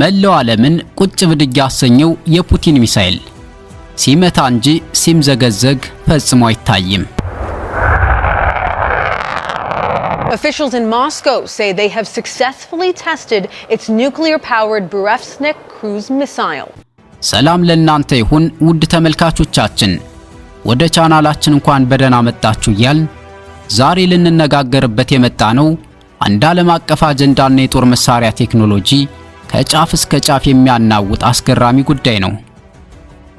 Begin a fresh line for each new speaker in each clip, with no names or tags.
መላው ዓለምን ቁጭ ብድግ ያሰኘው የፑቲን ሚሳኤል ሲመታ እንጂ ሲምዘገዘግ ፈጽሞ አይታይም።
Officials in Moscow say they have successfully tested its nuclear-powered Burevestnik cruise missile.
ሰላም ለእናንተ ይሁን ውድ ተመልካቾቻችን፣ ወደ ቻናላችን እንኳን በደህና መጣችሁ እያልን ዛሬ ልንነጋገርበት የመጣ ነው አንድ ዓለም አቀፍ አጀንዳና የጦር መሳሪያ ቴክኖሎጂ ከጫፍ እስከ ጫፍ የሚያናውጥ አስገራሚ ጉዳይ ነው።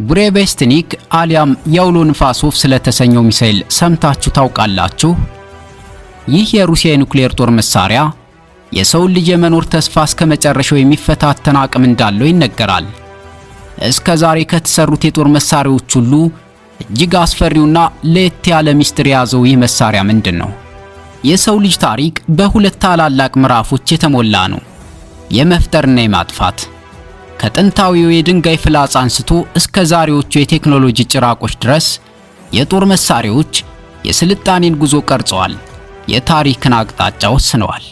ቡሬቬስትኒክ አሊያም የአውሎ ንፋስ ወፍ ስለተሰኘው ሚሳኤል ሰምታችሁ ታውቃላችሁ? ይህ የሩሲያ የኑክሌር ጦር መሳሪያ የሰውን ልጅ የመኖር ተስፋ እስከ መጨረሻው የሚፈታተን አቅም እንዳለው ይነገራል። እስከ ዛሬ ከተሰሩት የጦር መሳሪያዎች ሁሉ እጅግ አስፈሪውና ለየት ያለ ምስጢር የያዘው ይህ መሳሪያ ምንድን ነው? የሰው ልጅ ታሪክ በሁለት ታላላቅ ምዕራፎች የተሞላ ነው። የመፍጠርና የማጥፋት ከጥንታዊው የድንጋይ ፍላጻ አንስቶ እስከ ዛሬዎቹ የቴክኖሎጂ ጭራቆች ድረስ የጦር መሳሪያዎች የስልጣኔን ጉዞ ቀርጸዋል፣ የታሪክን አቅጣጫ ወስነዋል።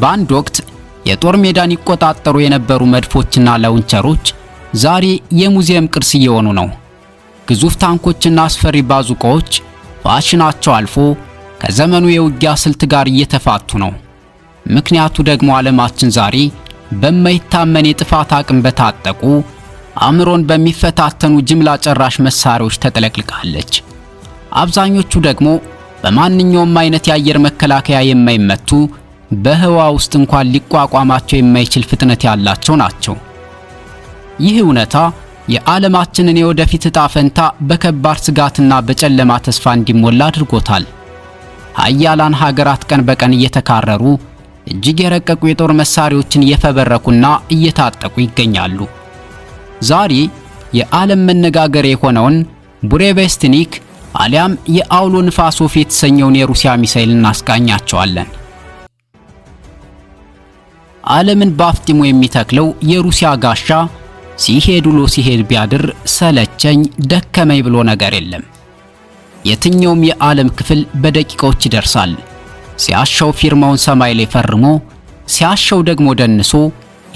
በአንድ ወቅት የጦር ሜዳን ይቆጣጠሩ የነበሩ መድፎችና ላውንቸሮች ዛሬ የሙዚየም ቅርስ እየሆኑ ነው። ግዙፍ ታንኮችና አስፈሪ ባዙቃዎች ፋሽናቸው አልፎ ከዘመኑ የውጊያ ስልት ጋር እየተፋቱ ነው። ምክንያቱ ደግሞ ዓለማችን ዛሬ በማይታመን የጥፋት አቅም በታጠቁ አእምሮን በሚፈታተኑ ጅምላ ጨራሽ መሳሪያዎች ተጥለቅልቃለች። አብዛኞቹ ደግሞ በማንኛውም አይነት የአየር መከላከያ የማይመቱ በህዋ ውስጥ እንኳን ሊቋቋማቸው የማይችል ፍጥነት ያላቸው ናቸው። ይህ እውነታ የዓለማችንን የወደፊት ዕጣ ፈንታ በከባድ ስጋትና በጨለማ ተስፋ እንዲሞላ አድርጎታል። ሀያላን ሀገራት ቀን በቀን እየተካረሩ እጅግ የረቀቁ የጦር መሳሪያዎችን እየፈበረኩና እየታጠቁ ይገኛሉ። ዛሬ የዓለም መነጋገር የሆነውን ቡሬቬስትኒክ አሊያም የአውሎ ንፋስ ወፍ የተሰኘውን የሩሲያ ሚሳኤል እናስቃኛቸዋለን። ዓለምን ባፍጢሞ የሚተክለው የሩሲያ ጋሻ ሲሄድ ውሎ ሲሄድ ቢያድር ሰለቸኝ ደከመኝ ብሎ ነገር የለም። የትኛውም የዓለም ክፍል በደቂቃዎች ይደርሳል። ሲያሻው ፊርማውን ሰማይ ላይ ፈርሞ ሲያሻው ደግሞ ደንሶ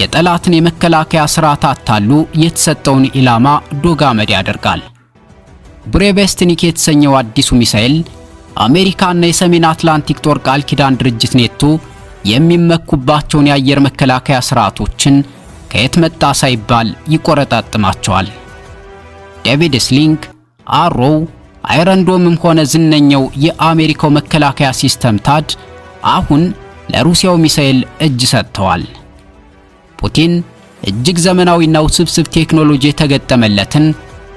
የጠላትን የመከላከያ ስርዓት አታሉ የተሰጠውን ኢላማ ዶግ አመድ ያደርጋል። ብሬቬስትኒክ የተሰኘው አዲሱ ሚሳኤል አሜሪካና የሰሜን አትላንቲክ ጦር ቃል ኪዳን ድርጅት ኔቶ የሚመኩባቸውን የአየር መከላከያ ስርዓቶችን ከየት መጣ ሳይባል ይቆረጣጥማቸዋል። ዴቪድ ስሊንግ፣ አሮው አይረንዶምም ሆነ ዝነኛው የአሜሪካው መከላከያ ሲስተም ታድ አሁን ለሩሲያው ሚሳኤል እጅ ሰጥተዋል። ፑቲን እጅግ ዘመናዊና ውስብስብ ቴክኖሎጂ የተገጠመለትን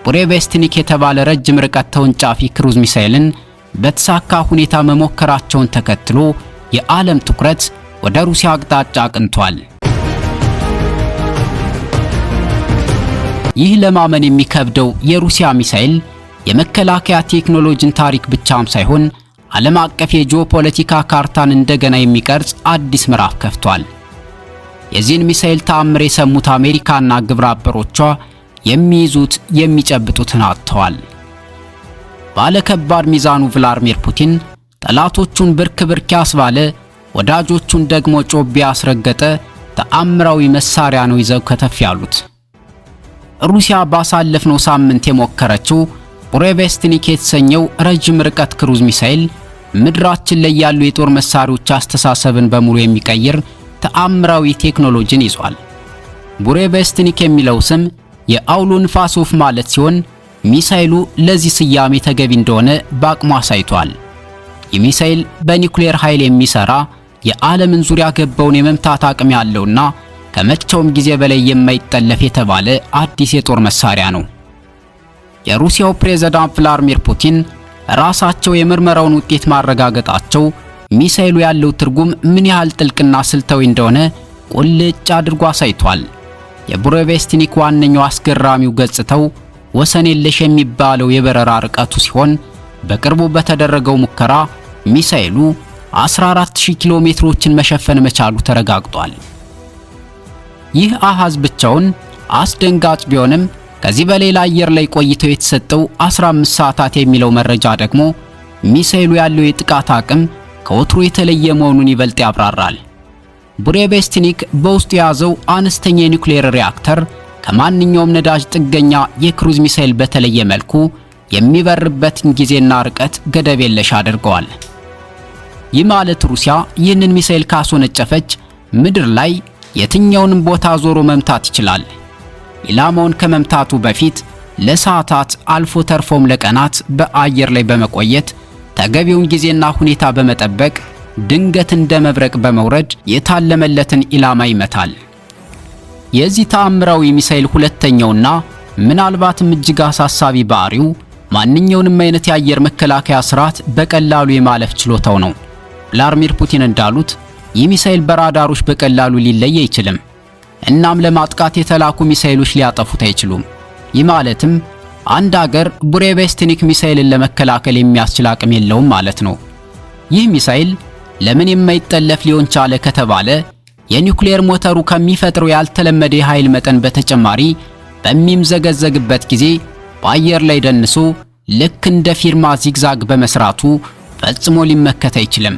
ብሬቬስትኒክ የተባለ ረጅም ርቀት ተወንጫፊ ክሩዝ ሚሳኤልን በተሳካ ሁኔታ መሞከራቸውን ተከትሎ የዓለም ትኩረት ወደ ሩሲያ አቅጣጫ አቅንቷል። ይህ ለማመን የሚከብደው የሩሲያ ሚሳኤል የመከላከያ ቴክኖሎጂን ታሪክ ብቻም ሳይሆን ዓለም አቀፍ የጂኦፖለቲካ ካርታን እንደገና የሚቀርጽ አዲስ ምዕራፍ ከፍቷል። የዚህን ሚሳኤል ተአምር የሰሙት አሜሪካና አበሮቿ የሚይዙት የሚጨብጡትን አጥተዋል። ባለከባድ ሚዛኑ ቭላድሚር ፑቲን ጠላቶቹን ብርክ ብርክ ያስባለ ወዳጆቹን ደግሞ ጮቤ ያስረገጠ ተአምራዊ መሳሪያ ነው ይዘው ከተፍ ያሉት። ሩሲያ ባሳለፍነው ሳምንት የሞከረችው ቡሬቬስትኒክ የተሰኘው ረጅም ርቀት ክሩዝ ሚሳኤል ምድራችን ላይ ያሉ የጦር መሳሪያዎች አስተሳሰብን በሙሉ የሚቀይር ተአምራዊ ቴክኖሎጂን ይዟል። ቡሬቬስትኒክ የሚለው ስም የአውሎ ንፋስ ወፍ ማለት ሲሆን ሚሳኤሉ ለዚህ ስያሜ ተገቢ እንደሆነ በአቅሙ አሳይቷል። ይህ ሚሳኤል በኒውክሌር ኃይል የሚሰራ የዓለምን ዙሪያ ገባውን የመምታት አቅም ያለውና ከመቼውም ጊዜ በላይ የማይጠለፍ የተባለ አዲስ የጦር መሳሪያ ነው። የሩሲያው ፕሬዝዳንት ቭላድሚር ፑቲን ራሳቸው የምርመራውን ውጤት ማረጋገጣቸው ሚሳኤሉ ያለው ትርጉም ምን ያህል ጥልቅና ስልታዊ እንደሆነ ቁልጭ አድርጎ አሳይቷል። የቡሬቬስትኒክ ዋነኛው አስገራሚው ገጽታው ወሰን የለሽ የሚባለው የበረራ ርቀቱ ሲሆን በቅርቡ በተደረገው ሙከራ ሚሳኤሉ 14000 ኪሎ ሜትሮችን መሸፈን መቻሉ ተረጋግጧል። ይህ አሃዝ ብቻውን አስደንጋጭ ቢሆንም ከዚህ በሌላ አየር ላይ ቆይተው የተሰጠው 15 ሰዓታት የሚለው መረጃ ደግሞ ሚሳኤሉ ያለው የጥቃት አቅም ከወትሮ የተለየ መሆኑን ይበልጥ ያብራራል። ቡሬቬስትኒክ በውስጡ የያዘው አነስተኛ የኒውክሌር ሪያክተር ከማንኛውም ነዳጅ ጥገኛ የክሩዝ ሚሳኤል በተለየ መልኩ የሚበርበትን ጊዜና ርቀት ገደብ የለሽ አድርገዋል። ይህ ማለት ሩሲያ ይህንን ሚሳኤል ካስወነጨፈች ምድር ላይ የትኛውንም ቦታ ዞሮ መምታት ይችላል። ኢላማውን ከመምታቱ በፊት ለሰዓታት አልፎ ተርፎም ለቀናት በአየር ላይ በመቆየት ተገቢውን ጊዜና ሁኔታ በመጠበቅ ድንገት እንደ መብረቅ በመውረድ የታለመለትን ኢላማ ይመታል። የዚህ ተአምራዊ ሚሳኤል ሁለተኛውና ምናልባትም እጅግ አሳሳቢ ባህሪው ማንኛውንም አይነት የአየር መከላከያ ስርዓት በቀላሉ የማለፍ ችሎታው ነው። ቭላድሚር ፑቲን እንዳሉት ይህ ሚሳኤል በራዳሮች በቀላሉ ሊለይ አይችልም። እናም ለማጥቃት የተላኩ ሚሳኤሎች ሊያጠፉት አይችሉም። ይህ ማለትም አንድ አገር ቡሬቬስትኒክ ሚሳኤልን ለመከላከል የሚያስችል አቅም የለውም ማለት ነው። ይህ ሚሳኤል ለምን የማይጠለፍ ሊሆን ቻለ ከተባለ የኒውክሌር ሞተሩ ከሚፈጥረው ያልተለመደ የኃይል መጠን በተጨማሪ በሚምዘገዘግበት ጊዜ በአየር ላይ ደንሶ ልክ እንደ ፊርማ ዚግዛግ በመስራቱ ፈጽሞ ሊመከት አይችልም።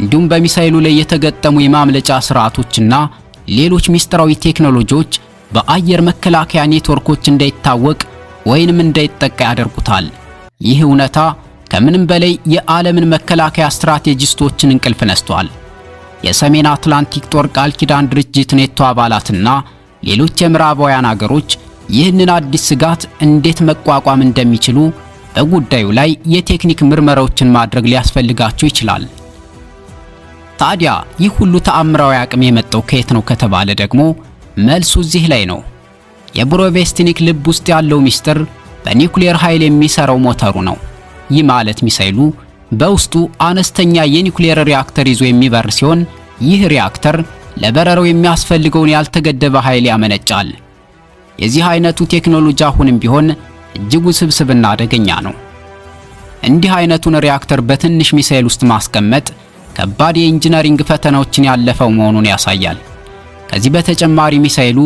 እንዲሁም በሚሳኤሉ ላይ የተገጠሙ የማምለጫ ስርዓቶችና ሌሎች ሚስጥራዊ ቴክኖሎጂዎች በአየር መከላከያ ኔትወርኮች እንዳይታወቅ ወይንም እንዳይጠቃ ያደርጉታል። ይህ እውነታ ከምንም በላይ የዓለምን መከላከያ ስትራቴጂስቶችን እንቅልፍ ነስቷል። የሰሜን አትላንቲክ ጦር ቃል ኪዳን ድርጅት ኔቶ አባላትና ሌሎች የምዕራባውያን አገሮች ይህንን አዲስ ስጋት እንዴት መቋቋም እንደሚችሉ በጉዳዩ ላይ የቴክኒክ ምርመራዎችን ማድረግ ሊያስፈልጋቸው ይችላል። ታዲያ ይህ ሁሉ ተአምራዊ አቅም የመጣው ከየት ነው ከተባለ ደግሞ መልሱ እዚህ ላይ ነው። የብሮቬስትኒክ ልብ ውስጥ ያለው ሚስጥር በኒውክሌር ኃይል የሚሰራው ሞተሩ ነው። ይህ ማለት ሚሳይሉ በውስጡ አነስተኛ የኒውክሌር ሪያክተር ይዞ የሚበር ሲሆን ይህ ሪያክተር ለበረራው የሚያስፈልገውን ያልተገደበ ኃይል ያመነጫል። የዚህ አይነቱ ቴክኖሎጂ አሁንም ቢሆን እጅግ ውስብስብና አደገኛ ነው። እንዲህ አይነቱን ሪያክተር በትንሽ ሚሳይል ውስጥ ማስቀመጥ ከባድ የኢንጂነሪንግ ፈተናዎችን ያለፈው መሆኑን ያሳያል። ከዚህ በተጨማሪ ሚሳኤሉ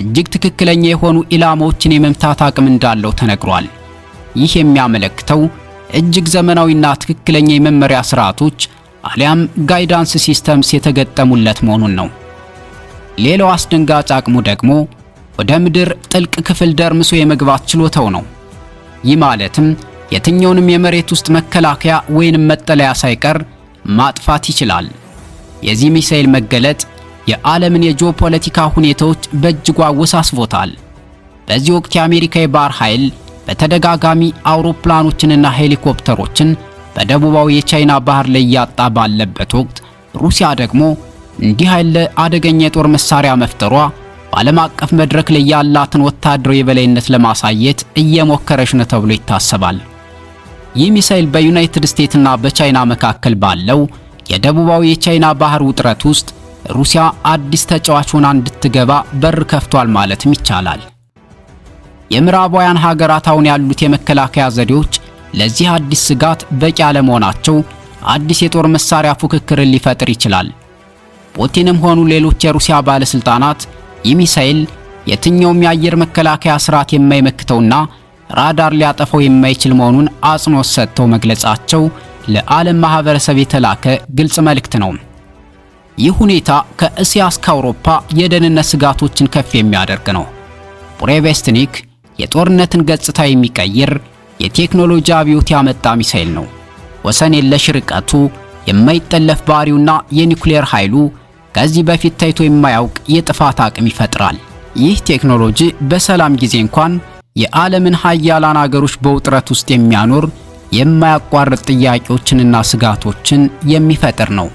እጅግ ትክክለኛ የሆኑ ኢላማዎችን የመምታት አቅም እንዳለው ተነግሯል። ይህ የሚያመለክተው እጅግ ዘመናዊና ትክክለኛ የመመሪያ ስርዓቶች አሊያም ጋይዳንስ ሲስተምስ የተገጠሙለት መሆኑን ነው። ሌላው አስደንጋጭ አቅሙ ደግሞ ወደ ምድር ጥልቅ ክፍል ደርምሶ የመግባት ችሎታው ነው። ይህ ማለትም የትኛውንም የመሬት ውስጥ መከላከያ ወይንም መጠለያ ሳይቀር ማጥፋት ይችላል። የዚህ ሚሳኤል መገለጥ የዓለምን የጂኦፖለቲካ ሁኔታዎች በእጅጉ አወሳስቦታል። በዚህ ወቅት የአሜሪካ የባህር ኃይል በተደጋጋሚ አውሮፕላኖችንና ሄሊኮፕተሮችን በደቡባዊ የቻይና ባህር ላይ እያጣ ባለበት ወቅት ሩሲያ ደግሞ እንዲህ ያለ አደገኛ የጦር መሳሪያ መፍጠሯ በዓለም አቀፍ መድረክ ላይ ያላትን ወታደራዊ የበላይነት ለማሳየት እየሞከረች ነው ተብሎ ይታሰባል። ይህ ሚሳኤል በዩናይትድ ስቴትስና በቻይና መካከል ባለው የደቡባዊ የቻይና ባህር ውጥረት ውስጥ ሩሲያ አዲስ ተጫዋች ሆና እንድትገባ በር ከፍቷል ማለትም ይቻላል። የምዕራባውያን ሀገራት አሁን ያሉት የመከላከያ ዘዴዎች ለዚህ አዲስ ስጋት በቂ አለመሆናቸው አዲስ የጦር መሳሪያ ፉክክርን ሊፈጥር ይችላል። ፑቲንም ሆኑ ሌሎች የሩሲያ ባለስልጣናት ይህ ሚሳኤል የትኛውም የአየር መከላከያ ስርዓት የማይመክተውና ራዳር ሊያጠፈው የማይችል መሆኑን አጽንኦት ሰጥተው መግለጻቸው ለዓለም ማህበረሰብ የተላከ ግልጽ መልእክት ነው። ይህ ሁኔታ ከእስያ እስከ አውሮፓ የደህንነት ስጋቶችን ከፍ የሚያደርግ ነው። ፕሬቬስትኒክ የጦርነትን ገጽታ የሚቀይር የቴክኖሎጂ አብዮት ያመጣ ሚሳኤል ነው። ወሰን የለሽ ርቀቱ፣ የማይጠለፍ ባህሪውና የኒኩሌር ኃይሉ ከዚህ በፊት ታይቶ የማያውቅ የጥፋት አቅም ይፈጥራል። ይህ ቴክኖሎጂ በሰላም ጊዜ እንኳን የዓለምን ሀያላን አገሮች በውጥረት ውስጥ የሚያኖር የማያቋርጥ ጥያቄዎችንና ስጋቶችን የሚፈጥር ነው።